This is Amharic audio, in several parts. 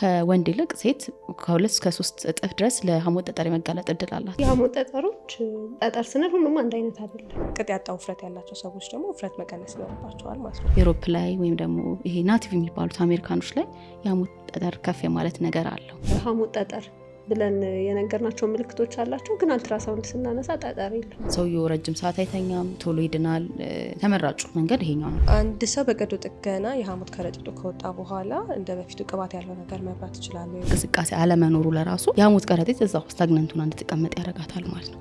ከወንድ ይልቅ ሴት ከሁለት እስከ ሶስት እጥፍ ድረስ ለሀሞት ጠጠር የመጋለጥ እድል አላት። የሀሞት ጠጠሮች ጠጠር ስንል ሁሉም አንድ አይነት አይደለም። ቅጥ ውፍረት ያላቸው ሰዎች ደግሞ ውፍረት መቀነስ ይኖርባቸዋል ማለት ነው። ኤሮፕ ላይ ወይም ደግሞ ይሄ ናቲቭ የሚባሉት አሜሪካኖች ላይ የሀሞት ጠጠር ከፍ የማለት ነገር አለው። ሀሞት ጠጠር ብለን የነገርናቸው ምልክቶች አላቸው። ግን አልትራሳውንድ ስናነሳ ጠጠር የለም። ሰውየው ረጅም ሰዓት አይተኛም፣ ቶሎ ይድናል። ተመራጩ መንገድ ይሄኛው ነው። አንድ ሰው በቀዶ ጥገና የሐሞት ከረጢቱ ከወጣ በኋላ እንደ በፊቱ ቅባት ያለው ነገር መብራት ይችላሉ። እንቅስቃሴ አለመኖሩ ለራሱ የሐሞት ከረጢት እዛ ውስጥ አግነንቱን እንድትቀመጥ ያደርጋታል ማለት ነው።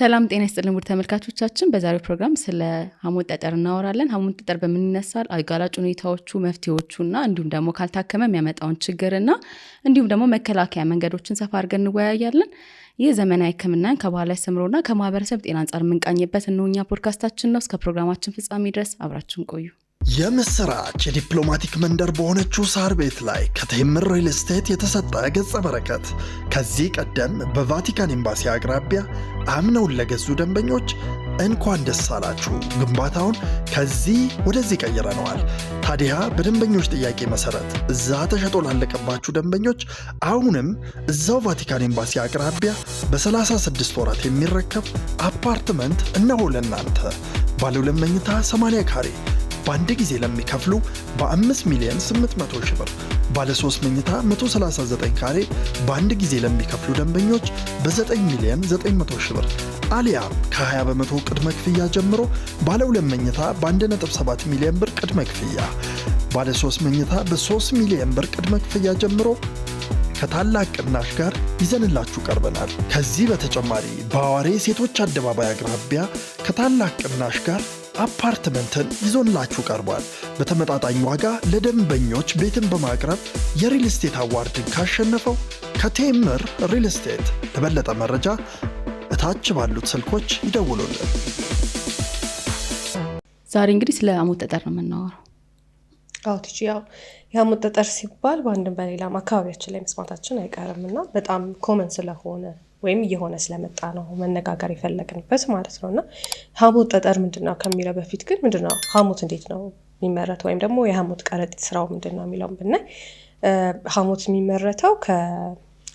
ሰላም ጤና ይስጥልን ውድ ተመልካቾቻችን፣ በዛሬው ፕሮግራም ስለ ሀሞት ጠጠር እናወራለን። ሀሞት ጠጠር በምን ይነሳል፣ አጋላጭ ሁኔታዎቹ፣ መፍትሄዎቹ እና እንዲሁም ደግሞ ካልታከመ የሚያመጣውን ችግርና እንዲሁም ደግሞ መከላከያ መንገዶችን ሰፋ አድርገን እንወያያለን። ይህ ዘመናዊ ህክምናን ከባህላዊ አስተምሮና ከማህበረሰብ ጤና አንጻር የምንቃኝበት እነሆኛ ፖድካስታችን ነው። እስከ ፕሮግራማችን ፍጻሜ ድረስ አብራችን ቆዩ። የምስራች የዲፕሎማቲክ መንደር በሆነችው ሳር ቤት ላይ ከቴምር ሪል ስቴት የተሰጠ ገጸ በረከት። ከዚህ ቀደም በቫቲካን ኤምባሲ አቅራቢያ አምነውን ለገዙ ደንበኞች እንኳን ደስ አላችሁ፣ ግንባታውን ከዚህ ወደዚህ ቀይረነዋል። ታዲያ በደንበኞች ጥያቄ መሰረት እዛ ተሸጦ ላለቀባችሁ ደንበኞች አሁንም እዛው ቫቲካን ኤምባሲ አቅራቢያ በ36 ወራት የሚረከብ አፓርትመንት እነሆ ለእናንተ ባለ ሁለት መኝታ 80 ካሬ በአንድ ጊዜ ለሚከፍሉ በ5 ሚሊዮን 800 ሺህ ብር፣ ባለ 3 መኝታ 139 ካሬ በአንድ ጊዜ ለሚከፍሉ ደንበኞች በ9 ሚሊዮን 900 ሺህ ብር አሊያም ከ20 በመቶ ቅድመ ክፍያ ጀምሮ ባለ 2 መኝታ በ1.7 ሚሊዮን ብር ቅድመ ክፍያ፣ ባለ 3 መኝታ በ3 ሚሊዮን ብር ቅድመ ክፍያ ጀምሮ ከታላቅ ቅናሽ ጋር ይዘንላችሁ ቀርበናል። ከዚህ በተጨማሪ በአዋሬ ሴቶች አደባባይ አቅራቢያ ከታላቅ ቅናሽ ጋር አፓርትመንትን ይዞንላችሁ ቀርቧል። በተመጣጣኝ ዋጋ ለደንበኞች ቤትን በማቅረብ የሪል ስቴት አዋርድን ካሸነፈው ከቴምር ሪል ስቴት ለበለጠ መረጃ እታች ባሉት ስልኮች ይደውሉልን። ዛሬ እንግዲህ ስለ ሐሞት ጠጠር ነው የምናወራው። አዎ ቲጂ፣ ያው የሐሞት ጠጠር ሲባል በአንድም በሌላም አካባቢያችን ላይ መስማታችን አይቀርም እና በጣም ኮመን ስለሆነ ወይም እየሆነ ስለመጣ ነው መነጋገር የፈለግንበት ማለት ነው። እና ሀሞት ጠጠር ምንድን ነው ከሚለው በፊት ግን ምንድን ነው ሀሞት እንዴት ነው የሚመረተው ወይም ደግሞ የሀሞት ከረጢት ስራው ምንድን ነው የሚለውን ብናይ ሀሞት የሚመረተው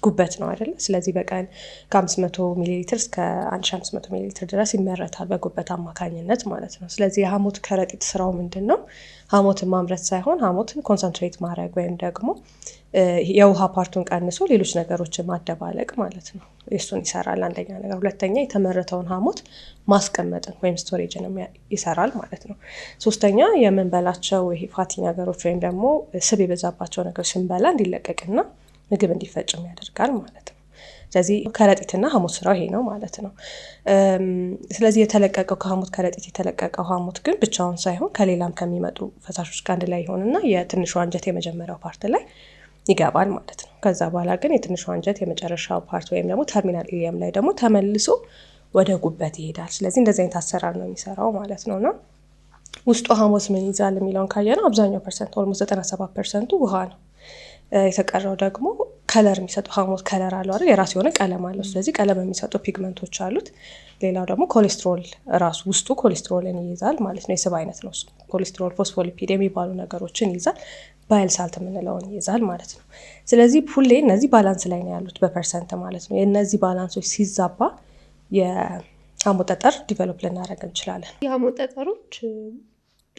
ጉበት ነው አይደለ? ስለዚህ በቀን ከ500 ሚሊ ሊትር እስከ 1500 ሚሊ ሊትር ድረስ ይመረታል በጉበት አማካኝነት ማለት ነው። ስለዚህ የሐሞት ከረጢት ስራው ምንድን ነው? ሐሞትን ማምረት ሳይሆን ሐሞትን ኮንሰንትሬት ማድረግ ወይም ደግሞ የውሃ ፓርቱን ቀንሶ ሌሎች ነገሮችን ማደባለቅ ማለት ነው። እሱን ይሰራል አንደኛ ነገር። ሁለተኛ የተመረተውን ሐሞት ማስቀመጥን ወይም ስቶሬጅንም ይሰራል ማለት ነው። ሶስተኛ የምንበላቸው ይሄ ፋቲ ነገሮች ወይም ደግሞ ስብ የበዛባቸው ነገሮች ስንበላ እንዲለቀቅና ምግብ እንዲፈጭም ያደርጋል ማለት ነው። ስለዚህ ከረጢትና ሀሞት ስራው ይሄ ነው ማለት ነው። ስለዚህ የተለቀቀው ከሀሞት ከረጢት የተለቀቀው ሀሞት ግን ብቻውን ሳይሆን ከሌላም ከሚመጡ ፈሳሾች ጋር አንድ ላይ ይሆንና የትንሿ አንጀት የመጀመሪያው ፓርት ላይ ይገባል ማለት ነው። ከዛ በኋላ ግን የትንሹ አንጀት የመጨረሻው ፓርት ወይም ደግሞ ተርሚናል ኢሊየም ላይ ደግሞ ተመልሶ ወደ ጉበት ይሄዳል። ስለዚህ እንደዚህ አይነት አሰራር ነው የሚሰራው ማለት ነው እና ውስጡ ሀሞት ምን ይዛል የሚለውን ካየነው አብዛኛው ፐርሰንት ኦልሞስት ዘጠና ሰባት ፐርሰንቱ ውሃ ነው። የተቀረው ደግሞ ከለር የሚሰጡ ሀሞት ከለር አለው አይደል? የራሱ የሆነ ቀለም አለው። ስለዚህ ቀለም የሚሰጡ ፒግመንቶች አሉት። ሌላው ደግሞ ኮሌስትሮል ራሱ ውስጡ ኮሌስትሮልን ይይዛል ማለት ነው። የስብ አይነት ነው። ኮሌስትሮል፣ ፎስፎሊፒድ የሚባሉ ነገሮችን ይይዛል። ባይል ሳልት የምንለውን ይይዛል ማለት ነው። ስለዚህ ሁሌ እነዚህ ባላንስ ላይ ነው ያሉት በፐርሰንት ማለት ነው። የእነዚህ ባላንሶች ሲዛባ የሀሞ ጠጠር ዲቨሎፕ ልናደርግ እንችላለን። የሀሞት ጠጠሮች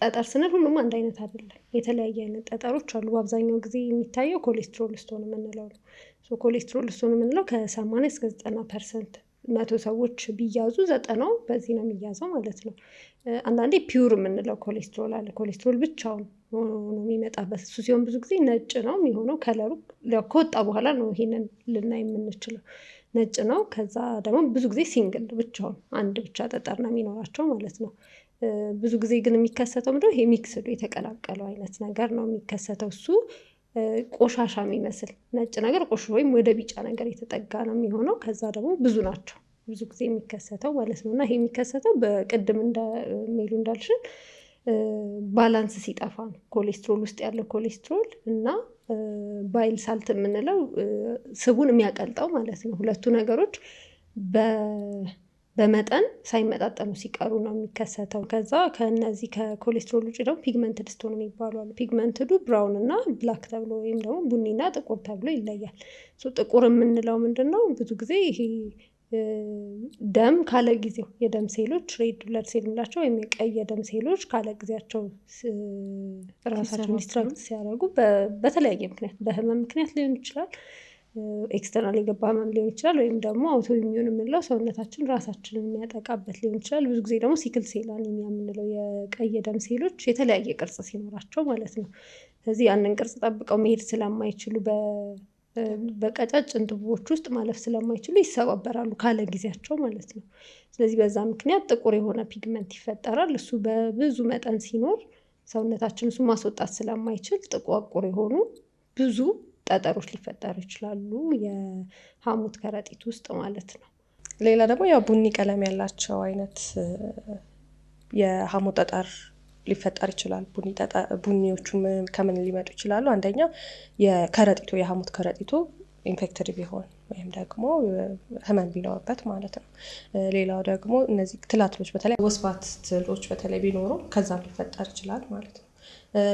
ጠጠር ስንል ሁሉም አንድ አይነት አይደለም። የተለያየ አይነት ጠጠሮች አሉ። በአብዛኛው ጊዜ የሚታየው ኮሌስትሮል ስቶን የምንለው ነው። ኮሌስትሮል ስቶን የምንለው ከሰማንያ እስከ ዘጠና ፐርሰንት መቶ ሰዎች ቢያዙ ዘጠናው በዚህ ነው የሚያዘው ማለት ነው። አንዳንዴ ፒውር የምንለው ኮሌስትሮል አለ። ኮሌስትሮል ብቻውን ሆኖ የሚመጣበት እሱ ሲሆን ብዙ ጊዜ ነጭ ነው የሚሆነው። ከለሩ ከወጣ በኋላ ነው ይሄንን ልናይ የምንችለው። ነጭ ነው። ከዛ ደግሞ ብዙ ጊዜ ሲንግል ብቻውን አንድ ብቻ ጠጠር ነው የሚኖራቸው ማለት ነው። ብዙ ጊዜ ግን የሚከሰተው ምንድን ነው ይሄ ሚክስዱ የተቀላቀለው አይነት ነገር ነው የሚከሰተው። እሱ ቆሻሻ የሚመስል ነጭ ነገር ቆሽ ወይም ወደ ቢጫ ነገር የተጠጋ ነው የሚሆነው። ከዛ ደግሞ ብዙ ናቸው ብዙ ጊዜ የሚከሰተው ማለት ነው። እና ይሄ የሚከሰተው በቅድም እንደሚሉ እንዳልሽን ባላንስ ሲጠፋ ነው። ኮሌስትሮል ውስጥ ያለው ኮሌስትሮል እና ባይል ሳልት የምንለው ስቡን የሚያቀልጠው ማለት ነው። ሁለቱ ነገሮች በ በመጠን ሳይመጣጠኑ ሲቀሩ ነው የሚከሰተው። ከዛ ከነዚህ ከኮሌስትሮል ውጭ ደግሞ ፒግመንትድ ስቶን የሚባሉ አሉ። ፒግመንትዱ ብራውን እና ብላክ ተብሎ ወይም ደግሞ ቡኒና ጥቁር ተብሎ ይለያል። ጥቁር የምንለው ምንድን ነው? ብዙ ጊዜ ይሄ ደም ካለ ጊዜው የደም ሴሎች ሬድ ብለድ ሴል ምላቸው ወይም የቀይ የደም ሴሎች ካለ ጊዜያቸው ራሳቸውን ዲስትራክት ሲያደርጉ በተለያየ ምክንያት በህመም ምክንያት ሊሆን ይችላል ኤክስተርናል የገባ ህመም ሊሆን ይችላል። ወይም ደግሞ አውቶ ኢሚዩን የምንለው ሰውነታችን ራሳችንን የሚያጠቃበት ሊሆን ይችላል። ብዙ ጊዜ ደግሞ ሲክል ሴላን የምንለው የቀይ ደም ሴሎች የተለያየ ቅርጽ ሲኖራቸው ማለት ነው። ስለዚህ ያንን ቅርጽ ጠብቀው መሄድ ስለማይችሉ በቀጫጭን ቱቦች ውስጥ ማለፍ ስለማይችሉ ይሰባበራሉ ካለ ጊዜያቸው ማለት ነው። ስለዚህ በዛ ምክንያት ጥቁር የሆነ ፒግመንት ይፈጠራል። እሱ በብዙ መጠን ሲኖር ሰውነታችን እሱ ማስወጣት ስለማይችል ጥቋቁር የሆኑ ብዙ ጠጠሮች ሊፈጠሩ ይችላሉ የሐሞት ከረጢት ውስጥ ማለት ነው። ሌላ ደግሞ ያው ቡኒ ቀለም ያላቸው አይነት የሐሞት ጠጠር ሊፈጠር ይችላል። ቡኒዎቹ ከምን ሊመጡ ይችላሉ? አንደኛ የከረጢቱ የሐሞት ከረጢቱ ኢንፌክትድ ቢሆን ወይም ደግሞ ህመም ቢኖርበት ማለት ነው። ሌላው ደግሞ እነዚህ ትላትሎች በተለይ ወስፋት ትሎች በተለይ ቢኖሩ ከዛም ሊፈጠር ይችላል ማለት ነው።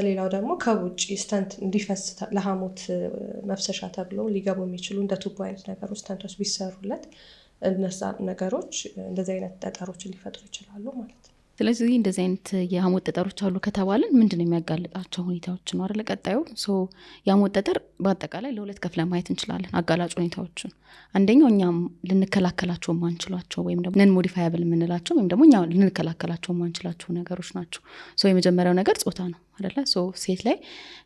ሌላው ደግሞ ከውጭ ስተንት እንዲፈስ ለሐሞት መፍሰሻ ተብሎ ሊገቡ የሚችሉ እንደ ቱቦ አይነት ነገሮች ስተንቶች ቢሰሩለት እነዛ ነገሮች እንደዚህ አይነት ጠጠሮችን ሊፈጥሩ ይችላሉ ማለት ነው። ስለዚህ እንደዚህ አይነት የሐሞት ጠጠሮች አሉ ከተባለን ምንድን ነው የሚያጋልጣቸው ሁኔታዎች ነው አለ ቀጣዩ የሐሞት ጠጠር በአጠቃላይ ለሁለት ከፍለ ማየት እንችላለን፣ አጋላጭ ሁኔታዎችን። አንደኛው እኛም ልንከላከላቸው ማንችሏቸው ወይም ደግሞ ነን ሞዲፋያብል የምንላቸው ወይም ደግሞ እኛ ልንከላከላቸው ማንችላቸው ነገሮች ናቸው። የመጀመሪያው ነገር ጾታ ነው አይደለ? ሴት ላይ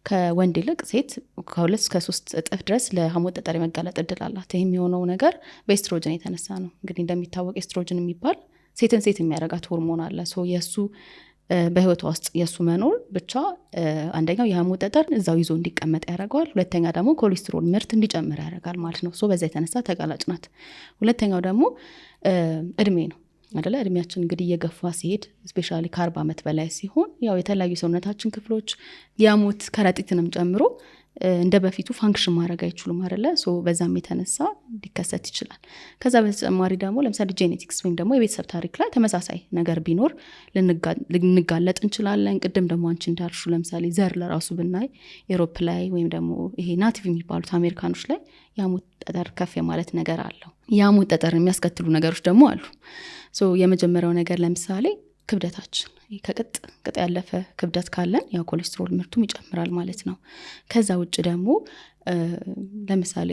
ከወንድ ይልቅ ሴት ከሁለት እስከ ሶስት እጥፍ ድረስ ለሐሞት ጠጠር የመጋለጥ እድል አላት። ይህም የሆነው ነገር በኤስትሮጅን የተነሳ ነው። እንግዲህ እንደሚታወቅ ኤስትሮጅን የሚባል ሴትን ሴት የሚያደርጋት ሆርሞን አለ። የእሱ በህይወቷ ውስጥ የእሱ መኖር ብቻ አንደኛው የህሙ ጠጠር እዛው ይዞ እንዲቀመጥ ያደርገዋል። ሁለተኛ ደግሞ ኮሌስትሮል ምርት እንዲጨምር ያደርጋል ማለት ነው። በዛ የተነሳ ተጋላጭ ናት። ሁለተኛው ደግሞ እድሜ ነው አደለ? እድሜያችን እንግዲህ እየገፋ ሲሄድ ስፔሻሊ ከአርባ ዓመት በላይ ሲሆን ያው የተለያዩ ሰውነታችን ክፍሎች የሐሞት ከረጢትንም ጨምሮ እንደ በፊቱ ፋንክሽን ማድረግ አይችሉም አለ በዛም የተነሳ ሊከሰት ይችላል። ከዛ በተጨማሪ ደግሞ ለምሳሌ ጄኔቲክስ ወይም ደግሞ የቤተሰብ ታሪክ ላይ ተመሳሳይ ነገር ቢኖር ልንጋለጥ እንችላለን። ቅድም ደግሞ አንቺ እንዳልሹ ለምሳሌ ዘር ለራሱ ብናይ ኤሮፕ ላይ ወይም ደግሞ ይሄ ናቲቭ የሚባሉት አሜሪካኖች ላይ የሙት ጠጠር ከፍ የማለት ነገር አለው። የሙት ጠጠር የሚያስከትሉ ነገሮች ደግሞ አሉ። የመጀመሪያው ነገር ለምሳሌ ክብደታችን ከቅጥ ቅጥ ያለፈ ክብደት ካለን ያው ኮሌስትሮል ምርቱም ይጨምራል ማለት ነው። ከዛ ውጭ ደግሞ ለምሳሌ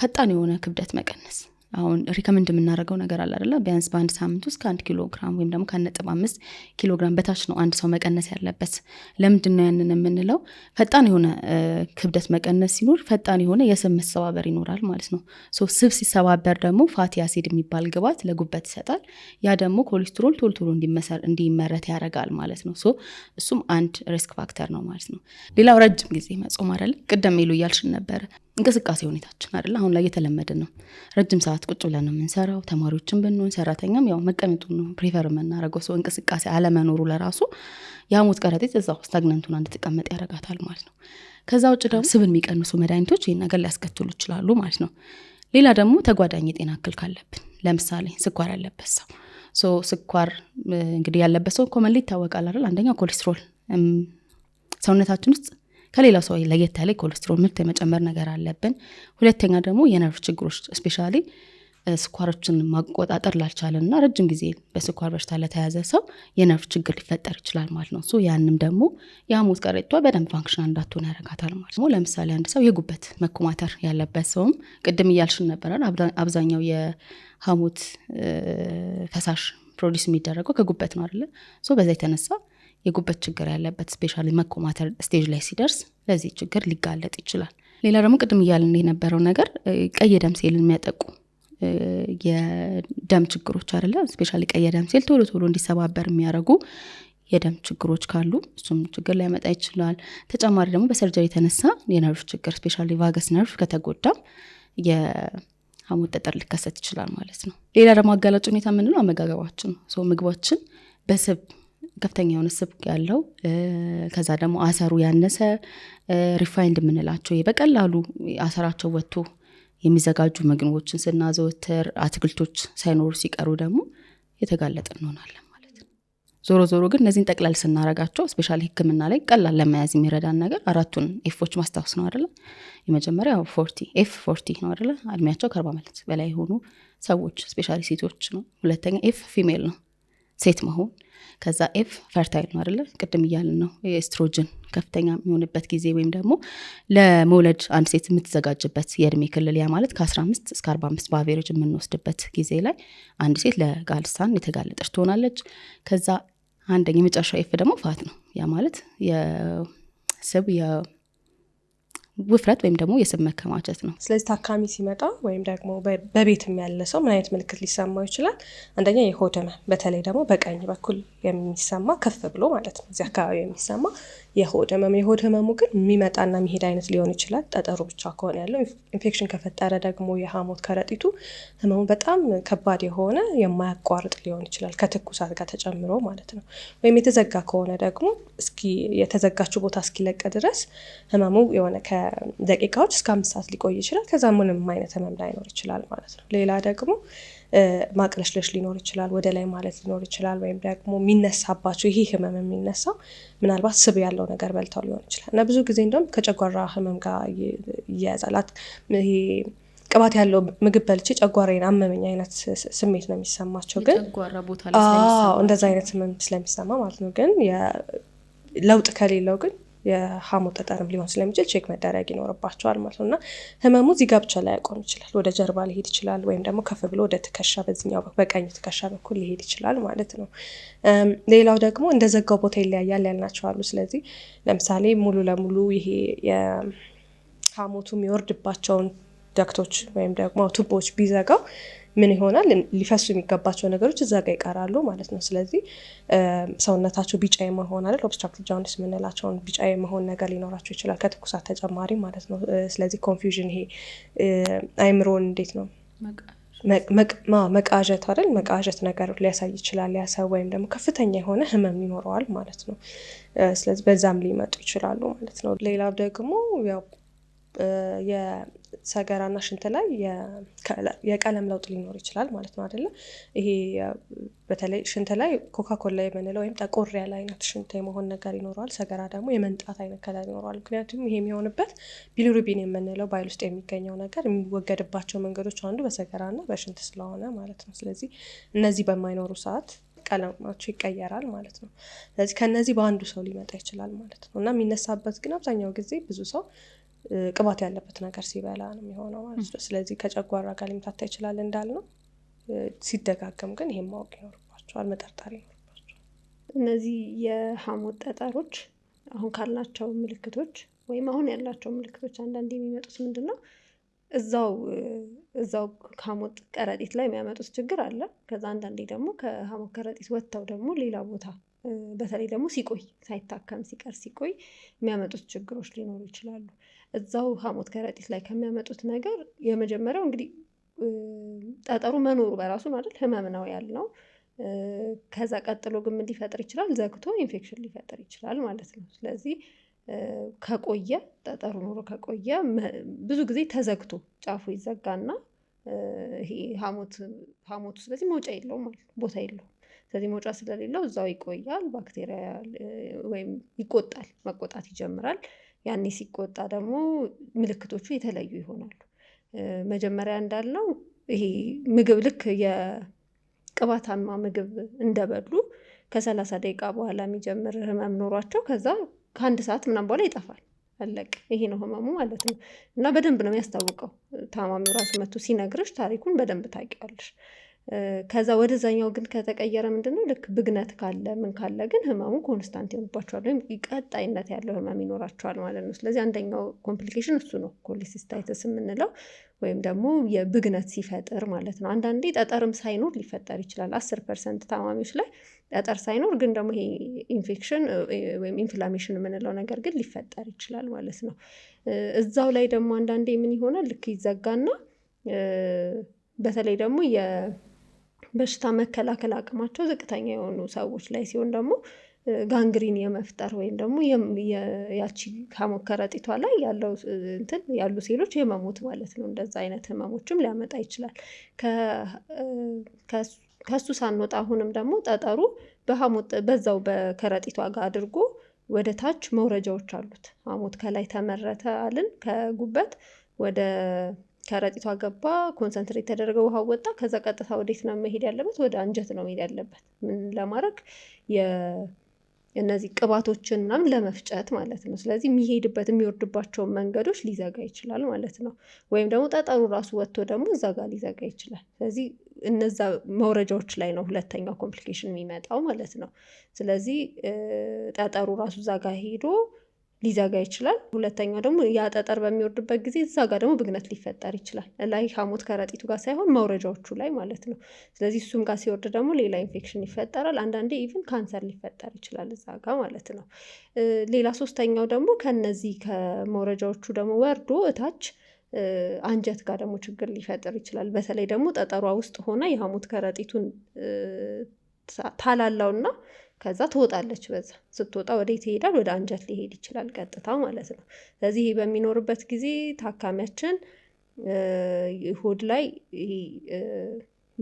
ፈጣን የሆነ ክብደት መቀነስ አሁን ሪከመንድ የምናደርገው ነገር አለ አደለ ቢያንስ በአንድ ሳምንት ውስጥ ከአንድ ኪሎ ግራም ወይም ደግሞ ከአንድ ነጥብ አምስት ኪሎ ግራም በታች ነው አንድ ሰው መቀነስ ያለበት። ለምንድን ነው ያንን የምንለው? ፈጣን የሆነ ክብደት መቀነስ ሲኖር ፈጣን የሆነ የስብ መሰባበር ይኖራል ማለት ነው። ስብ ሲሰባበር ደግሞ ፋቲ አሲድ የሚባል ግባት ለጉበት ይሰጣል። ያ ደግሞ ኮሌስትሮል ቶልቶሎ ቶሎ እንዲመረት ያደርጋል ማለት ነው። እሱም አንድ ሪስክ ፋክተር ነው ማለት ነው። ሌላው ረጅም ጊዜ መጾም አይደለም። ቅደም ይሉ እያልሽን ነበር እንቅስቃሴ ሁኔታችን አይደለ አሁን ላይ እየተለመደ ነው። ረጅም ሰዓት ቁጭ ብለን ነው የምንሰራው። ተማሪዎችን ብንሆን ሰራተኛም ያው መቀመጡ ነው ፕሪፈር የምናደርገው። ሰው እንቅስቃሴ አለመኖሩ ለራሱ የሐሞት ከረጢት እዛው ስታግናንቱን እንድትቀመጥ ያደርጋታል ማለት ነው። ከዛ ውጭ ደግሞ ስብን የሚቀንሱ መድኃኒቶች ይህን ነገር ሊያስከትሉ ይችላሉ ማለት ነው። ሌላ ደግሞ ተጓዳኝ የጤና እክል ካለብን ለምሳሌ ስኳር ያለበት ሰው ስኳር እንግዲህ ያለበት ሰው ኮመን ይታወቃል አይደል አንደኛው ኮሌስትሮል ሰውነታችን ውስጥ ከሌላ ሰው ለየት ያለ የኮሌስትሮል ምርት የመጨመር ነገር አለብን። ሁለተኛ ደግሞ የነርቭ ችግሮች ስፔሻሊ ስኳሮችን ማቆጣጠር እና ረጅም ጊዜ በስኳር በሽታ ለተያዘ ሰው የነርቭ ችግር ሊፈጠር ይችላል ማለት ነው። ያንም ደግሞ የሐሞት ቀሬቷ በደንብ ፋንክሽን እንዳትሆን ያረጋታል ማለት ነው። ለምሳሌ አንድ ሰው የጉበት መኮማተር ያለበት ሰውም ቅድም እያልሽን ነበራል። አብዛኛው የሐሞት ፈሳሽ ፕሮዲስ የሚደረገው ከጉበት ነው አይደለ? በዛ የተነሳ የጉበት ችግር ያለበት ስፔሻሊ መኮማተር ስቴጅ ላይ ሲደርስ ለዚህ ችግር ሊጋለጥ ይችላል። ሌላ ደግሞ ቅድም እያልን የነበረው ነገር ቀይ ደም ሴልን የሚያጠቁ የደም ችግሮች አይደለ? ስፔሻ ቀይ ደም ሴል ቶሎ ቶሎ እንዲሰባበር የሚያደርጉ የደም ችግሮች ካሉ እሱም ችግር ሊያመጣ ይችላል። ተጨማሪ ደግሞ በሰርጀሪ የተነሳ የነርፍ ችግር ስፔሻ ቫገስ ነርፍ ከተጎዳ የሐሞት ጠጠር ሊከሰት ይችላል ማለት ነው። ሌላ ደግሞ አጋላጭ ሁኔታ የምንለው አመጋገባችን ነው። ምግባችን በስብ ከፍተኛ የሆነ ስብ ያለው ከዛ ደግሞ አሰሩ ያነሰ ሪፋይንድ የምንላቸው በቀላሉ አሰራቸው ወጥቶ የሚዘጋጁ ምግቦችን ስናዘወትር አትክልቶች ሳይኖሩ ሲቀሩ ደግሞ የተጋለጠ እንሆናለን ማለት ነው። ዞሮ ዞሮ ግን እነዚህን ጠቅላል ስናረጋቸው ስፔሻል ሕክምና ላይ ቀላል ለመያዝ የሚረዳን ነገር አራቱን ኤፎች ማስታወስ ነው አደለ? የመጀመሪያ ፎርቲ ኤፍ ፎርቲ ነው አደለ? እድሜያቸው ከአርባ ዓመት በላይ የሆኑ ሰዎች ስፔሻሊ ሴቶች ነው። ሁለተኛ ኤፍ ፊሜል ነው ሴት መሆን ከዛ ኤፍ ፈርታይል ነው አደለ? ቅድም እያልን ነው የኤስትሮጅን ከፍተኛ የሚሆንበት ጊዜ ወይም ደግሞ ለመውለድ አንድ ሴት የምትዘጋጅበት የእድሜ ክልል ያ ማለት ከ15 እስከ 45 በአቬሬጅ የምንወስድበት ጊዜ ላይ አንድ ሴት ለጋልሳን የተጋለጠች ትሆናለች። ከዛ አንደኛ የመጨረሻው ኤፍ ደግሞ ፋት ነው። ያ ማለት የስብ ውፍረት ወይም ደግሞ የስብ መከማቸት ነው። ስለዚህ ታካሚ ሲመጣ ወይም ደግሞ በቤትም ያለ ሰው ምን አይነት ምልክት ሊሰማው ይችላል? አንደኛ የሆድ ህመም፣ በተለይ ደግሞ በቀኝ በኩል የሚሰማ ከፍ ብሎ ማለት ነው እዚህ አካባቢ የሚሰማ የሆድ ህመም የሆድ ህመሙ ግን የሚመጣና የሚሄድ አይነት ሊሆን ይችላል። ጠጠሩ ብቻ ከሆነ ያለው ኢንፌክሽን ከፈጠረ ደግሞ የሃሞት ከረጢቱ ህመሙ በጣም ከባድ የሆነ የማያቋርጥ ሊሆን ይችላል ከትኩሳት ጋር ተጨምሮ ማለት ነው። ወይም የተዘጋ ከሆነ ደግሞ እስኪ የተዘጋችው ቦታ እስኪለቅ ድረስ ህመሙ የሆነ ከደቂቃዎች እስከ አምስት ሰዓት ሊቆይ ይችላል። ከዛ ምንም አይነት ህመም ላይኖር ይችላል ማለት ነው። ሌላ ደግሞ ማቅለሽለሽ ሊኖር ይችላል፣ ወደ ላይ ማለት ሊኖር ይችላል። ወይም ደግሞ የሚነሳባቸው ይሄ ህመም የሚነሳው ምናልባት ስብ ያለው ነገር በልተው ሊሆን ይችላል እና ብዙ ጊዜ እንደውም ከጨጓራ ህመም ጋር ይያያዛል። ይሄ ቅባት ያለው ምግብ በልቼ ጨጓራዬን አመመኝ አይነት ስሜት ነው የሚሰማቸው። ግን እንደዛ አይነት ህመም ስለሚሰማ ማለት ነው ግን ለውጥ ከሌለው ግን የሀሞት ጠጠርም ሊሆን ስለሚችል ቼክ መደረግ ይኖርባቸዋል ማለት ነው። እና ህመሙ እዚህ ብቻ ላይ ያቆም ይችላል፣ ወደ ጀርባ ሊሄድ ይችላል፣ ወይም ደግሞ ከፍ ብሎ ወደ ትከሻ በዚኛው በቀኝ ትከሻ በኩል ሊሄድ ይችላል ማለት ነው። ሌላው ደግሞ እንደ ዘጋው ቦታ ይለያያል ያልናቸው አሉ። ስለዚህ ለምሳሌ ሙሉ ለሙሉ ይሄ የሀሞቱ የሚወርድባቸውን ደክቶች ወይም ደግሞ ቱቦዎች ቢዘጋው ምን ይሆናል? ሊፈሱ የሚገባቸው ነገሮች እዛ ጋ ይቀራሉ ማለት ነው። ስለዚህ ሰውነታቸው ቢጫ የመሆን አይደል ኦብስትራክቲቭ ጃውንዲስ የምንላቸውን ቢጫ የመሆን ነገር ሊኖራቸው ይችላል ከትኩሳት ተጨማሪ ማለት ነው። ስለዚህ ኮንፊውዥን ይሄ አይምሮን እንዴት ነው መቃዠት አይደል መቃዠት ነገር ሊያሳይ ይችላል ያ ወይም ደግሞ ከፍተኛ የሆነ ህመም ይኖረዋል ማለት ነው። ስለዚህ በዛም ሊመጡ ይችላሉ ማለት ነው። ሌላው ደግሞ ያው እና ሽንት ላይ የቀለም ለውጥ ሊኖር ይችላል ማለት ነው አደለ? ይሄ በተለይ ሽንት ላይ ኮካኮላ የምንለው ወይም ጠቆር ያለ አይነት ሽንት የመሆን ነገር ይኖረዋል። ሰገራ ደግሞ የመንጣት አይነት ከለር ይኖረዋል። ምክንያቱም ይሄ የሚሆንበት ቢሊሩቢን የምንለው ባይል ውስጥ የሚገኘው ነገር የሚወገድባቸው መንገዶች አንዱ በሰገራና በሽንት ስለሆነ ማለት ነው። ስለዚህ እነዚህ በማይኖሩ ሰዓት ቀለማቸው ይቀየራል ማለት ነው። ስለዚህ ከነዚህ በአንዱ ሰው ሊመጣ ይችላል ማለት ነው እና የሚነሳበት ግን አብዛኛው ጊዜ ብዙ ሰው ቅባት ያለበት ነገር ሲበላ ነው የሚሆነው ማለት ነው። ስለዚህ ከጨጓራ ጋር ሊምታታ ይችላል እንዳልነው። ሲደጋገም ግን ይሄን ማወቅ ይኖርባቸዋል፣ መጠርጠር ይኖርባቸዋል። እነዚህ የሐሞት ጠጠሮች አሁን ካልናቸው ምልክቶች ወይም አሁን ያላቸው ምልክቶች አንዳንድ የሚመጡት ምንድን ነው እዛው እዛው ከሐሞት ከረጢት ላይ የሚያመጡት ችግር አለ። ከዛ አንዳንዴ ደግሞ ከሐሞት ከረጢት ወጥተው ደግሞ ሌላ ቦታ በተለይ ደግሞ ሲቆይ ሳይታከም ሲቀር ሲቆይ የሚያመጡት ችግሮች ሊኖሩ ይችላሉ። እዛው ሀሞት ከረጢት ላይ ከሚያመጡት ነገር የመጀመሪያው እንግዲህ ጠጠሩ መኖሩ በራሱ ማለት ህመም ነው ያልነው። ከዛ ቀጥሎ ግን ምን ሊፈጥር ይችላል? ዘግቶ ኢንፌክሽን ሊፈጥር ይችላል ማለት ነው። ስለዚህ ከቆየ ጠጠሩ ኖሮ ከቆየ ብዙ ጊዜ ተዘግቶ ጫፉ ይዘጋና ይሄ ሀሞቱ ስለዚህ መውጫ የለውም ማለት ነው፣ ቦታ የለውም። ስለዚህ መውጫ ስለሌለው እዛው ይቆያል። ባክቴሪያ ወይም ይቆጣል፣ መቆጣት ይጀምራል። ያኔ ሲቆጣ ደግሞ ምልክቶቹ የተለዩ ይሆናሉ። መጀመሪያ እንዳልነው ይሄ ምግብ ልክ የቅባታማ ምግብ እንደበሉ ከሰላሳ ደቂቃ በኋላ የሚጀምር ህመም ኖሯቸው ከዛ ከአንድ ሰዓት ምናምን በኋላ ይጠፋል። አለቅ ይሄ ነው ህመሙ ማለት ነው። እና በደንብ ነው የሚያስታውቀው። ታማሚው ራሱ መጥቶ ሲነግርሽ ታሪኩን በደንብ ታውቂዋለሽ። ከዛ ወደዛኛው ግን ከተቀየረ ነው ልክ ብግነት ካለ ምን ካለ ግን ህመሙ ኮንስታንት ይሆንባቸዋል፣ ወይም ቀጣይነት ያለው ህመም ይኖራቸዋል ማለት ነው። ስለዚህ አንደኛው ኮምፕሊኬሽን እሱ ነው፣ ኮሊሲስታይተስ የምንለው ወይም ደግሞ የብግነት ሲፈጥር ማለት ነው። አንዳንዴ ጠጠርም ሳይኖር ሊፈጠር ይችላል። አስር ፐርሰንት ታማሚዎች ላይ ጠጠር ሳይኖር ግን ደግሞ ይሄ ኢንፌክሽን ወይም ኢንፍላሜሽን የምንለው ነገር ግን ሊፈጠር ይችላል ማለት ነው። እዛው ላይ ደግሞ አንዳንዴ ምን ይሆናል ልክ ይዘጋና በተለይ ደግሞ በሽታ መከላከል አቅማቸው ዝቅተኛ የሆኑ ሰዎች ላይ ሲሆን ደግሞ ጋንግሪን የመፍጠር ወይም ደግሞ ያቺ ካሞት ከረጢቷ ላይ ያለው እንትን ያሉ ሴሎች የመሞት ማለት ነው። እንደዛ አይነት ህመሞችም ሊያመጣ ይችላል። ከሱ ሳንወጣ አሁንም ደግሞ ጠጠሩ በሐሞት በዛው በከረጢቷ ጋር አድርጎ ወደ ታች መውረጃዎች አሉት። ሐሞት ከላይ ተመረተ አልን ከጉበት ወደ ከረጢቷ ገባ፣ ኮንሰንትሬት ተደረገ፣ ውሃ ወጣ። ከዛ ቀጥታ ወዴት ነው መሄድ ያለበት? ወደ አንጀት ነው መሄድ ያለበት። ምን ለማድረግ እነዚህ ቅባቶችን ምናምን ለመፍጨት ማለት ነው። ስለዚህ የሚሄድበት የሚወርድባቸውን መንገዶች ሊዘጋ ይችላል ማለት ነው። ወይም ደግሞ ጠጠሩ ራሱ ወጥቶ ደግሞ እዛ ጋር ሊዘጋ ይችላል። ስለዚህ እነዛ መውረጃዎች ላይ ነው ሁለተኛው ኮምፕሊኬሽን የሚመጣው ማለት ነው። ስለዚህ ጠጠሩ ራሱ እዛ ጋር ሄዶ ሊዘጋ ይችላል። ሁለተኛው ደግሞ ያ ጠጠር በሚወርድበት ጊዜ እዛ ጋር ደግሞ ብግነት ሊፈጠር ይችላል። ላይ ሐሞት ከረጢቱ ጋር ሳይሆን መውረጃዎቹ ላይ ማለት ነው። ስለዚህ እሱም ጋር ሲወርድ ደግሞ ሌላ ኢንፌክሽን ይፈጠራል። አንዳንዴ ኢቭን ካንሰር ሊፈጠር ይችላል እዛ ጋር ማለት ነው። ሌላ ሶስተኛው ደግሞ ከነዚህ ከመውረጃዎቹ ደግሞ ወርዶ እታች አንጀት ጋር ደግሞ ችግር ሊፈጥር ይችላል። በተለይ ደግሞ ጠጠሯ ውስጥ ሆና የሐሞት ከረጢቱን ታላላውና ከዛ ትወጣለች። በዛ ስትወጣ ወዴት ይሄዳል? ወደ አንጀት ሊሄድ ይችላል ቀጥታ ማለት ነው። ስለዚህ ይሄ በሚኖርበት ጊዜ ታካሚያችን ሆድ ላይ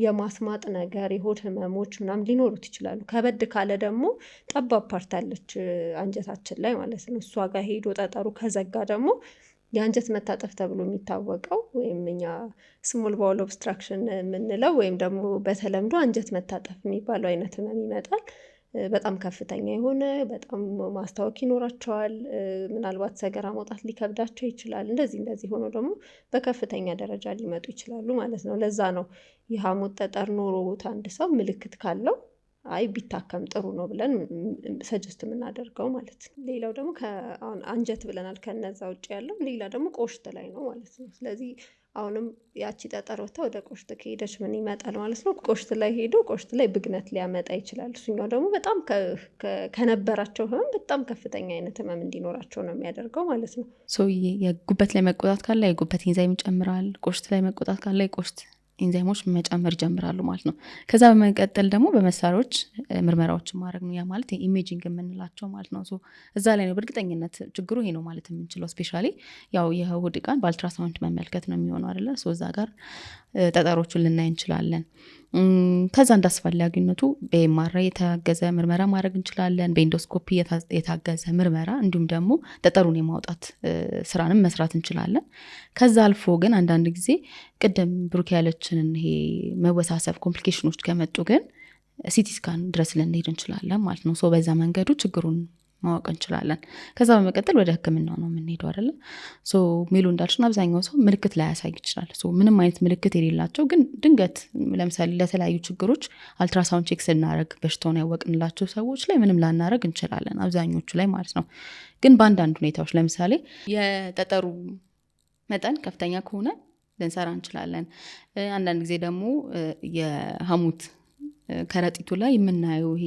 የማስማጥ ነገር የሆድ ህመሞች ምናምን ሊኖሩት ይችላሉ። ከበድ ካለ ደግሞ ጠባብ ፓርት አለች አንጀታችን ላይ ማለት ነው። እሷ ጋር ሄዶ ጠጠሩ ከዘጋ ደግሞ የአንጀት መታጠፍ ተብሎ የሚታወቀው ወይም እኛ ስሞል ባውል ኦብስትራክሽን የምንለው ወይም ደግሞ በተለምዶ አንጀት መታጠፍ የሚባለው አይነት ህመም ይመጣል። በጣም ከፍተኛ የሆነ በጣም ማስታወክ ይኖራቸዋል። ምናልባት ሰገራ መውጣት ሊከብዳቸው ይችላል። እንደዚህ እንደዚህ ሆኖ ደግሞ በከፍተኛ ደረጃ ሊመጡ ይችላሉ ማለት ነው። ለዛ ነው የሐሞት ጠጠር ኖሮት አንድ ሰው ምልክት ካለው አይ ቢታከም ጥሩ ነው ብለን ሰጀስት የምናደርገው ማለት ነው። ሌላው ደግሞ አንጀት ብለናል። ከነዛ ውጭ ያለው ሌላ ደግሞ ቆሽት ላይ ነው ማለት ነው። ስለዚህ አሁንም ያቺ ጠጠር ወታ ወደ ቆሽት ከሄደች ምን ይመጣል ማለት ነው? ቆሽት ላይ ሄዶ ቆሽት ላይ ብግነት ሊያመጣ ይችላል። እሱኛው ደግሞ በጣም ከነበራቸው ህመም በጣም ከፍተኛ አይነት ህመም እንዲኖራቸው ነው የሚያደርገው ማለት ነው። ሶ የጉበት ላይ መቆጣት ካለ የጉበት ኢንዛይም ይጨምራል። ቆሽት ላይ መቆጣት ካለ የቆሽት ኢንዛይሞች መጨመር ጀምራሉ ማለት ነው። ከዛ በመቀጠል ደግሞ በመሳሪያዎች ምርመራዎችን ማድረግ ነው። ያ ማለት ኢሜጂንግ የምንላቸው ማለት ነው። እዛ ላይ ነው በእርግጠኝነት ችግሩ ይሄ ነው ማለት የምንችለው። ስፔሻ ያው የህውድ ቃን በአልትራሳውንድ መመልከት ነው የሚሆነው አደለ እዛ ጋር ጠጠሮቹን ልናይ እንችላለን። ከዛ እንዳስፈላጊነቱ በኤምአርአይ የታገዘ ምርመራ ማድረግ እንችላለን። በኢንዶስኮፒ የታገዘ ምርመራ እንዲሁም ደግሞ ጠጠሩን የማውጣት ስራንም መስራት እንችላለን። ከዛ አልፎ ግን አንዳንድ ጊዜ ቅድም ብሩክ ያለችንን ይሄ መወሳሰብ ኮምፕሊኬሽኖች ከመጡ ግን ሲቲ ስካን ድረስ ልንሄድ እንችላለን ማለት ነው። በዛ መንገዱ ችግሩን ማወቅ እንችላለን። ከዛ በመቀጠል ወደ ህክምና ነው የምንሄደው አይደለ? ሜሉ እንዳልሽን አብዛኛው ሰው ምልክት ላያሳይ ይችላል። ምንም አይነት ምልክት የሌላቸው ግን ድንገት ለምሳሌ ለተለያዩ ችግሮች አልትራሳውንድ ቼክ ስናደረግ በሽታውን ያወቅንላቸው ሰዎች ላይ ምንም ላናደረግ እንችላለን፣ አብዛኞቹ ላይ ማለት ነው። ግን በአንዳንድ ሁኔታዎች ለምሳሌ የጠጠሩ መጠን ከፍተኛ ከሆነ ልንሰራ እንችላለን። አንዳንድ ጊዜ ደግሞ የሐሞት ከረጢቱ ላይ የምናየው ይሄ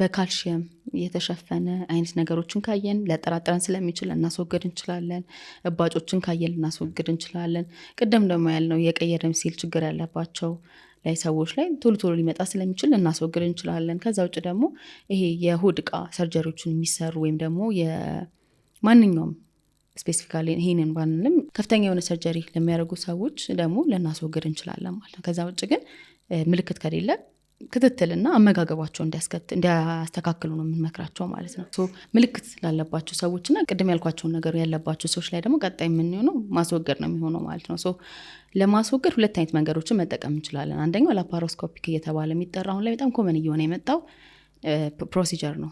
በካልሽየም የተሸፈነ አይነት ነገሮችን ካየን ለጠራጠረን ስለሚችል እናስወግድ እንችላለን። እባጮችን ካየን ልናስወግድ እንችላለን። ቅድም ደግሞ ያልነው የቀይ ደም ሴል ችግር ያለባቸው ላይ ሰዎች ላይ ቶሎ ቶሎ ሊመጣ ስለሚችል ልናስወግድ እንችላለን። ከዛ ውጭ ደግሞ ይሄ የሆድ እቃ ሰርጀሪዎችን የሚሰሩ ወይም ደግሞ የማንኛውም ስፔሲፊካሊ ይህንን ባንልም ከፍተኛ የሆነ ሰርጀሪ ለሚያደርጉ ሰዎች ደግሞ ልናስወግድ እንችላለን ማለት ነው። ከዛ ውጭ ግን ምልክት ከሌለ ክትትልና አመጋገባቸው እንዲያስተካክሉ ነው የምንመክራቸው ማለት ነው። ምልክት ላለባቸው ሰዎችና ቅድም ያልኳቸውን ነገር ያለባቸው ሰዎች ላይ ደግሞ ቀጣይ የምንሆነው ማስወገድ ነው የሚሆነው ማለት ነው። ለማስወገድ ሁለት አይነት መንገዶችን መጠቀም እንችላለን። አንደኛው ላፓሮስኮፒክ እየተባለ የሚጠራ አሁን ላይ በጣም ኮመን እየሆነ የመጣው ፕሮሲጀር ነው።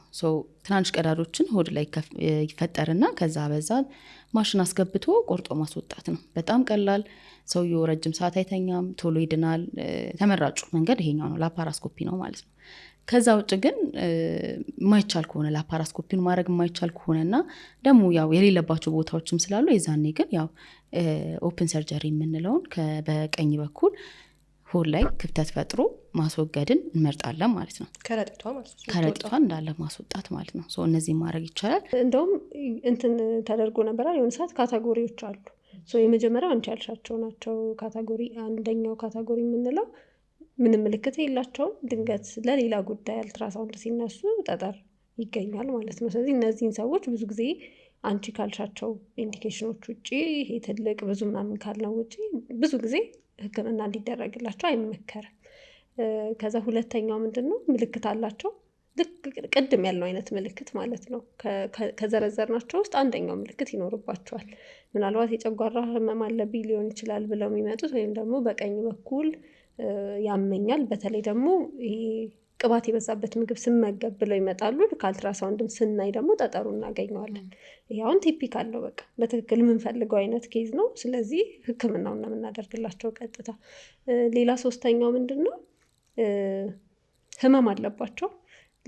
ትናንሽ ቀዳዶችን ሆድ ላይ ይፈጠርና ከዛ በዛ ማሽን አስገብቶ ቆርጦ ማስወጣት ነው። በጣም ቀላል ሰውየው ረጅም ሰዓት አይተኛም፣ ቶሎ ይድናል። ተመራጩ መንገድ ይሄኛው ነው፣ ላፓራስኮፒ ነው ማለት ነው። ከዛ ውጭ ግን የማይቻል ከሆነ ላፓራስኮፒን ማድረግ የማይቻል ከሆነና ደግሞ ያው የሌለባቸው ቦታዎችም ስላሉ የዛኔ ግን ያው ኦፕን ሰርጀሪ የምንለውን በቀኝ በኩል ሆድ ላይ ክፍተት ፈጥሮ ማስወገድን እንመርጣለን ማለት ነው። ከረጢቷ እንዳለ ማስወጣት ማለት ነው። እነዚህ ማድረግ ይቻላል። እንደውም እንትን ተደርጎ ነበራል የሆነ ሰዓት ካታጎሪዎች አሉ ሶ የመጀመሪያው አንቺ ያልሻቸው ናቸው። ካታጎሪ አንደኛው ካታጎሪ የምንለው ምንም ምልክት የላቸውም። ድንገት ለሌላ ጉዳይ አልትራሳውንድ ሲነሱ ጠጠር ይገኛል ማለት ነው። ስለዚህ እነዚህን ሰዎች ብዙ ጊዜ አንቺ ካልሻቸው ኢንዲኬሽኖች ውጭ ይሄ ትልቅ ብዙ ምናምን ካልነው ውጭ ብዙ ጊዜ ሕክምና እንዲደረግላቸው አይመከርም። ከዛ ሁለተኛው ምንድን ነው ምልክት አላቸው ልክ ቅድም ያለው አይነት ምልክት ማለት ነው። ከዘረዘርናቸው ውስጥ አንደኛው ምልክት ይኖርባቸዋል። ምናልባት የጨጓራ ህመም አለብኝ ሊሆን ይችላል ብለው የሚመጡት ወይም ደግሞ በቀኝ በኩል ያመኛል፣ በተለይ ደግሞ ይሄ ቅባት የበዛበት ምግብ ስመገብ ብለው ይመጣሉ። ከአልትራሳውንድም ስናይ ደግሞ ጠጠሩ እናገኘዋለን። ያሁን ቲፒካል ነው። በቃ በትክክል የምንፈልገው አይነት ኬዝ ነው። ስለዚህ ህክምናውን ነው የምናደርግላቸው ቀጥታ። ሌላ ሶስተኛው ምንድን ነው? ህመም አለባቸው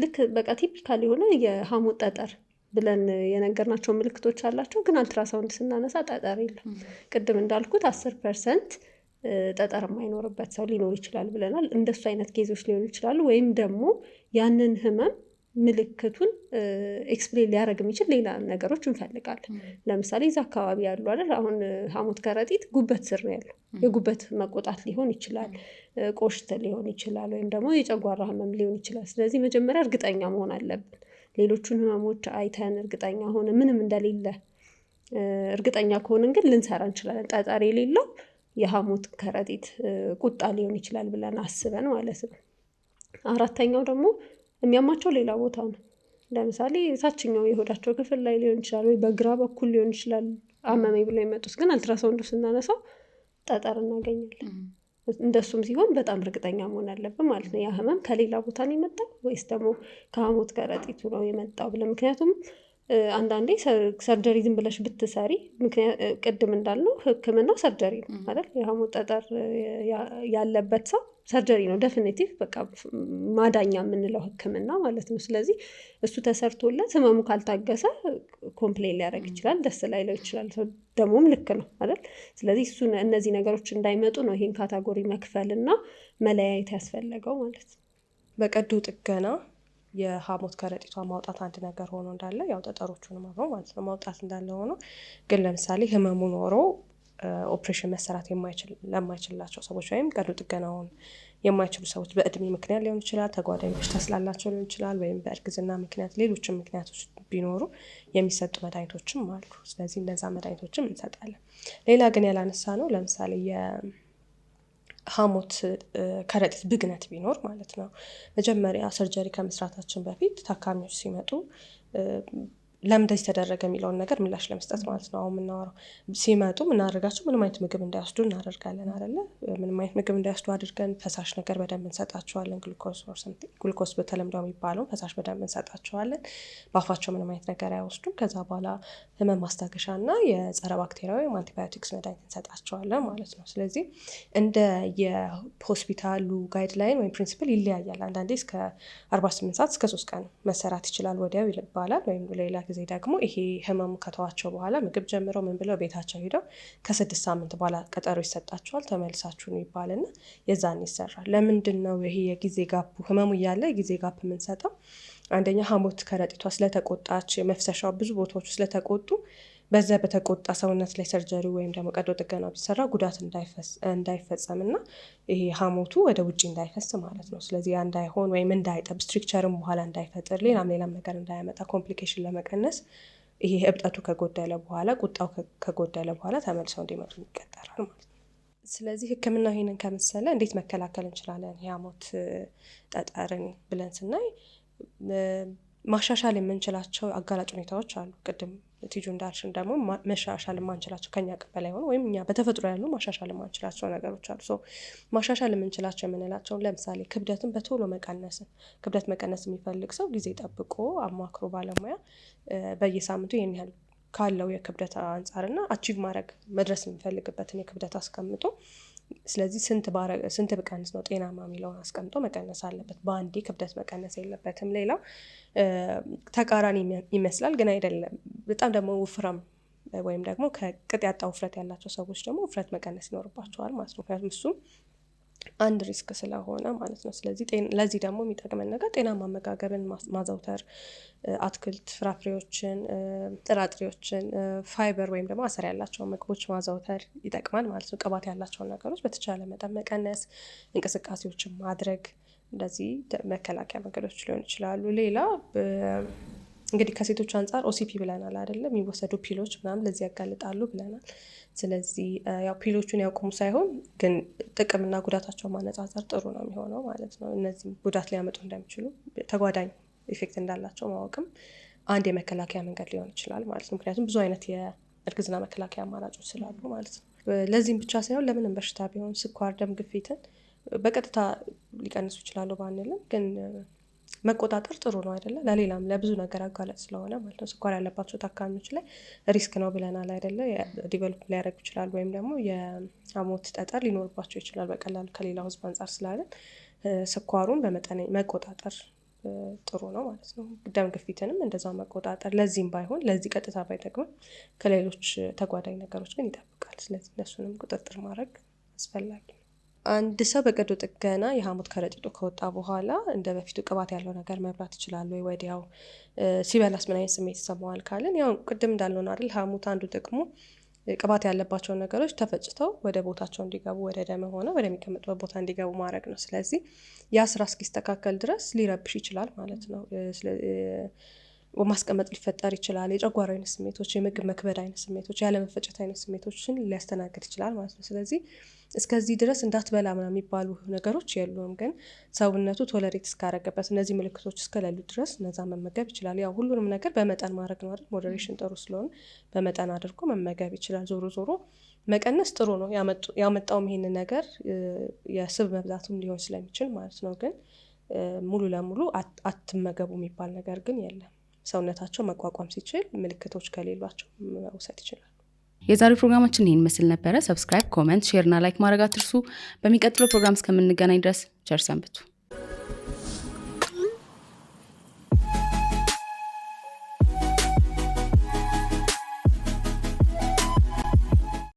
ልክ በቃ ቲፒካል የሆነ የሐሞት ጠጠር ብለን የነገርናቸው ምልክቶች አላቸው። ግን አልትራሳውንድ ስናነሳ ጠጠር የለም። ቅድም እንዳልኩት አስር ፐርሰንት ጠጠር የማይኖርበት ሰው ሊኖር ይችላል ብለናል። እንደሱ አይነት ኬዞች ሊሆኑ ይችላሉ። ወይም ደግሞ ያንን ህመም ምልክቱን ኤክስፕሌን ሊያደርግ የሚችል ሌላ ነገሮች እንፈልጋለን። ለምሳሌ እዛ አካባቢ ያሉ አይደል፣ አሁን ሐሞት ከረጢት ጉበት ስር ነው ያለው። የጉበት መቆጣት ሊሆን ይችላል፣ ቆሽት ሊሆን ይችላል፣ ወይም ደግሞ የጨጓራ ህመም ሊሆን ይችላል። ስለዚህ መጀመሪያ እርግጠኛ መሆን አለብን። ሌሎቹን ህመሞች አይተን እርግጠኛ ሆነ ምንም እንደሌለ እርግጠኛ ከሆንን ግን ልንሰራ እንችላለን። ጠጠር የሌለው የሐሞት ከረጢት ቁጣ ሊሆን ይችላል ብለን አስበን ማለት ነው። አራተኛው ደግሞ የሚያማቸው ሌላ ቦታ ነው። ለምሳሌ የታችኛው የሆዳቸው ክፍል ላይ ሊሆን ይችላል፣ ወይ በግራ በኩል ሊሆን ይችላል። አመመኝ ብለው የመጡት ግን አልትራሳውንዱ ስናነሳው ጠጠር እናገኛለን። እንደሱም ሲሆን በጣም እርግጠኛ መሆን አለብን ማለት ነው። ያ ህመም ከሌላ ቦታ ነው የመጣው ወይስ ደግሞ ከሐሞት ከረጢቱ ነው የመጣው ብለን ምክንያቱም አንዳንዴ ሰርጀሪ ዝም ብለሽ ብትሰሪ ቅድም እንዳልነው ህክምና ሰርጀሪ ነው አይደል? የሐሞት ጠጠር ያለበት ሰው ሰርጀሪ ነው ደፊኒቲቭ በቃ ማዳኛ የምንለው ህክምና ማለት ነው። ስለዚህ እሱ ተሰርቶለት ህመሙ ካልታገሰ ኮምፕሌን ሊያደርግ ይችላል፣ ደስ ላይለው ይችላል። ደግሞም ልክ ነው አይደል? ስለዚህ እሱ እነዚህ ነገሮች እንዳይመጡ ነው ይህን ካታጎሪ መክፈል እና መለያየት ያስፈለገው ማለት ነው። በቀዶ ጥገና የሀሞት ከረጢቷ ማውጣት አንድ ነገር ሆኖ እንዳለ ያው ጠጠሮቹንም አብሮ ማለት ነው ማውጣት እንዳለ ሆኖ ግን ለምሳሌ ህመሙ ኖሮ ኦፕሬሽን መሰራት ለማይችልላቸው ሰዎች ወይም ቀዶ ጥገናውን የማይችሉ ሰዎች በእድሜ ምክንያት ሊሆን ይችላል፣ ተጓዳኝ በሽታ ስላላቸው ሊሆን ይችላል፣ ወይም በእርግዝና ምክንያት፣ ሌሎችም ምክንያቶች ቢኖሩ የሚሰጡ መድኃኒቶችም አሉ። ስለዚህ እነዛ መድኃኒቶችም እንሰጣለን። ሌላ ግን ያላነሳ ነው ለምሳሌ የሀሞት ከረጢት ብግነት ቢኖር ማለት ነው። መጀመሪያ ሰርጀሪ ከመስራታችን በፊት ታካሚዎች ሲመጡ ለምንደዚ ተደረገ የሚለውን ነገር ምላሽ ለመስጠት ማለት ነው። አሁን የምናወራው ሲመጡ ምናደርጋቸው ምንም አይነት ምግብ እንዳያስዱ እናደርጋለን አለ ምንም አይነት ምግብ እንዳያስዱ አድርገን ፈሳሽ ነገር በደንብ እንሰጣቸዋለን። ግሉኮስ በተለምዶ የሚባለው ፈሳሽ በደንብ እንሰጣቸዋለን። በአፋቸው ምንም አይነት ነገር አይወስዱም። ከዛ በኋላ ህመም ማስታገሻ እና የጸረ ወይም አንቲባዮቲክስ መድኃኒት እንሰጣቸዋለን ማለት ነው። ስለዚህ እንደ የሆስፒታሉ ጋይድላይን ወይም ፕሪንሲፕል ይለያያል። አንዳንዴ እስከ አርባ ስምንት ሰዓት እስከ ሶስት ቀን መሰራት ይችላል፣ ወዲያው ይባላል ወይም ሌላ ጊዜ ደግሞ ይሄ ህመሙ ከተዋቸው በኋላ ምግብ ጀምረው ምን ብለው ቤታቸው ሄደው ከስድስት ሳምንት በኋላ ቀጠሮ ይሰጣቸዋል። ተመልሳችሁን ነው ይባልና የዛን ይሰራል። ለምንድን ነው ይሄ የጊዜ ጋፕ ህመሙ እያለ የጊዜ ጋፕ የምንሰጠው? አንደኛ ሐሞት ከረጢቷ ስለተቆጣች፣ መፍሰሻው ብዙ ቦታዎች ስለተቆጡ በዛ በተቆጣ ሰውነት ላይ ሰርጀሪ ወይም ደግሞ ቀዶ ጥገና ቢሰራ ጉዳት እንዳይፈጸም እና ይሄ ሀሞቱ ወደ ውጭ እንዳይፈስ ማለት ነው። ስለዚህ ያ እንዳይሆን ወይም እንዳይጠብ ስትሪክቸርም በኋላ እንዳይፈጥር ሌላም ሌላም ነገር እንዳያመጣ ኮምፕሊኬሽን ለመቀነስ ይሄ እብጠቱ ከጎደለ በኋላ ቁጣው ከጎደለ በኋላ ተመልሰው እንዲመጡ ይቀጠራል ማለት ነው። ስለዚህ ሕክምና ይሄንን ከመሰለ እንዴት መከላከል እንችላለን? የሀሞት ጠጠርን ብለን ስናይ ማሻሻል የምንችላቸው አጋላጭ ሁኔታዎች አሉ። ቅድም ቲጁ እንዳልሽን ደግሞ መሻሻል የማንችላቸው ከኛ አቅም በላይ ሆኑ ወይም እኛ በተፈጥሮ ያሉ ማሻሻል የማንችላቸው ነገሮች አሉ። ማሻሻል የምንችላቸው የምንላቸውን ለምሳሌ ክብደትን በቶሎ መቀነስን። ክብደት መቀነስ የሚፈልግ ሰው ጊዜ ጠብቆ አማክሮ ባለሙያ በየሳምንቱ ይህን ያህል ካለው የክብደት አንጻርና አቺቭ ማድረግ መድረስ የሚፈልግበትን የክብደት አስቀምጦ ስለዚህ ስንት ስንት ብቀንስ ነው ጤናማ የሚለውን አስቀምጦ መቀነስ አለበት። በአንዴ ክብደት መቀነስ የለበትም። ሌላው ተቃራኒ ይመስላል ግን አይደለም። በጣም ደግሞ ውፍረም ወይም ደግሞ ከቅጥ ያጣ ውፍረት ያላቸው ሰዎች ደግሞ ውፍረት መቀነስ ይኖርባቸዋል ማለት ነው። ምክንያቱም እሱም አንድ ሪስክ ስለሆነ ማለት ነው። ስለዚህ ለዚህ ደግሞ የሚጠቅመን ነገር ጤናማ አመጋገብን ማዘውተር፣ አትክልት፣ ፍራፍሬዎችን፣ ጥራጥሬዎችን፣ ፋይበር ወይም ደግሞ አሰር ያላቸውን ምግቦች ማዘውተር ይጠቅማል ማለት ነው። ቅባት ያላቸውን ነገሮች በተቻለ መጠን መቀነስ፣ እንቅስቃሴዎችን ማድረግ እንደዚህ መከላከያ መንገዶች ሊሆን ይችላሉ። ሌላ እንግዲህ ከሴቶች አንጻር ኦሲፒ ብለናል አይደለም፣ የሚወሰዱ ፒሎች ምናምን ለዚህ ያጋልጣሉ ብለናል። ስለዚህ ያው ፒሎቹን ያቆሙ ሳይሆን ግን ጥቅምና ጉዳታቸው ማነጻጸር ጥሩ ነው የሚሆነው ማለት ነው። እነዚህም ጉዳት ሊያመጡ እንደሚችሉ ተጓዳኝ ኢፌክት እንዳላቸው ማወቅም አንድ የመከላከያ መንገድ ሊሆን ይችላል ማለት ነው። ምክንያቱም ብዙ አይነት የእርግዝና መከላከያ አማራጮች ስላሉ ማለት ነው። ለዚህም ብቻ ሳይሆን ለምንም በሽታ ቢሆን ስኳር፣ ደም ግፊትን በቀጥታ ሊቀንሱ ይችላሉ ባንልም ግን መቆጣጠር ጥሩ ነው አይደለ? ለሌላም ለብዙ ነገር አጋላጭ ስለሆነ ማለት ነው። ስኳር ያለባቸው ታካሚዎች ላይ ሪስክ ነው ብለናል አይደለ? ዲቨሎፕ ሊያደርጉ ይችላል ወይም ደግሞ የሐሞት ጠጠር ሊኖርባቸው ይችላል በቀላሉ ከሌላው ህዝብ አንጻር ስላለን ስኳሩን በመጠነ መቆጣጠር ጥሩ ነው ማለት ነው። ደም ግፊትንም እንደዛ መቆጣጠር ለዚህም ባይሆን ለዚህ ቀጥታ ባይጠቅምም ከሌሎች ተጓዳኝ ነገሮች ግን ይጠብቃል። ስለዚህ እነሱንም ቁጥጥር ማድረግ አስፈላጊ ነው። አንድ ሰው በቀዶ ጥገና የሐሞት ከረጢቱ ከወጣ በኋላ እንደ በፊቱ ቅባት ያለው ነገር መብላት ይችላል ወይ? ወዲያው ሲበላስ ምን አይነት ስሜት ይሰማዋል ካለን፣ ያው ቅድም እንዳልሆነ አይደል ሐሞት አንዱ ጥቅሙ ቅባት ያለባቸውን ነገሮች ተፈጭተው ወደ ቦታቸው እንዲገቡ ወደ ደም ሆነ ወደሚቀመጡበት ቦታ እንዲገቡ ማድረግ ነው። ስለዚህ ያ ስራ እስኪስተካከል ድረስ ሊረብሽ ይችላል ማለት ነው። ማስቀመጥ ሊፈጠር ይችላል። የጨጓራ አይነት ስሜቶች፣ የምግብ መክበድ አይነት ስሜቶች፣ ያለመፈጨት አይነት ስሜቶችን ሊያስተናግድ ይችላል ማለት ነው። ስለዚህ እስከዚህ ድረስ እንዳትበላ ምናምን የሚባሉ ነገሮች የሉም፣ ግን ሰውነቱ ቶለሬት እስካረገበት እነዚህ ምልክቶች እስከሌሉ ድረስ እነዛ መመገብ ይችላል። ያው ሁሉንም ነገር በመጠን ማድረግ ነው አይደል? ሞዴሬሽን ጥሩ ስለሆነ በመጠን አድርጎ መመገብ ይችላል። ዞሮ ዞሮ መቀነስ ጥሩ ነው። ያመጣውም ይሄንን ነገር የስብ መብዛቱም ሊሆን ስለሚችል ማለት ነው። ግን ሙሉ ለሙሉ አትመገቡ የሚባል ነገር ግን የለም። ሰውነታቸው መቋቋም ሲችል ምልክቶች ከሌሏቸው መውሰድ ይችላል። የዛሬው ፕሮግራማችን ይህን ምስል ነበረ። ሰብስክራይብ፣ ኮመንት፣ ሼርና ላይክ ማድረግ አትርሱ። በሚቀጥለው ፕሮግራም እስከምንገናኝ ድረስ ቸር ሰንብቱ።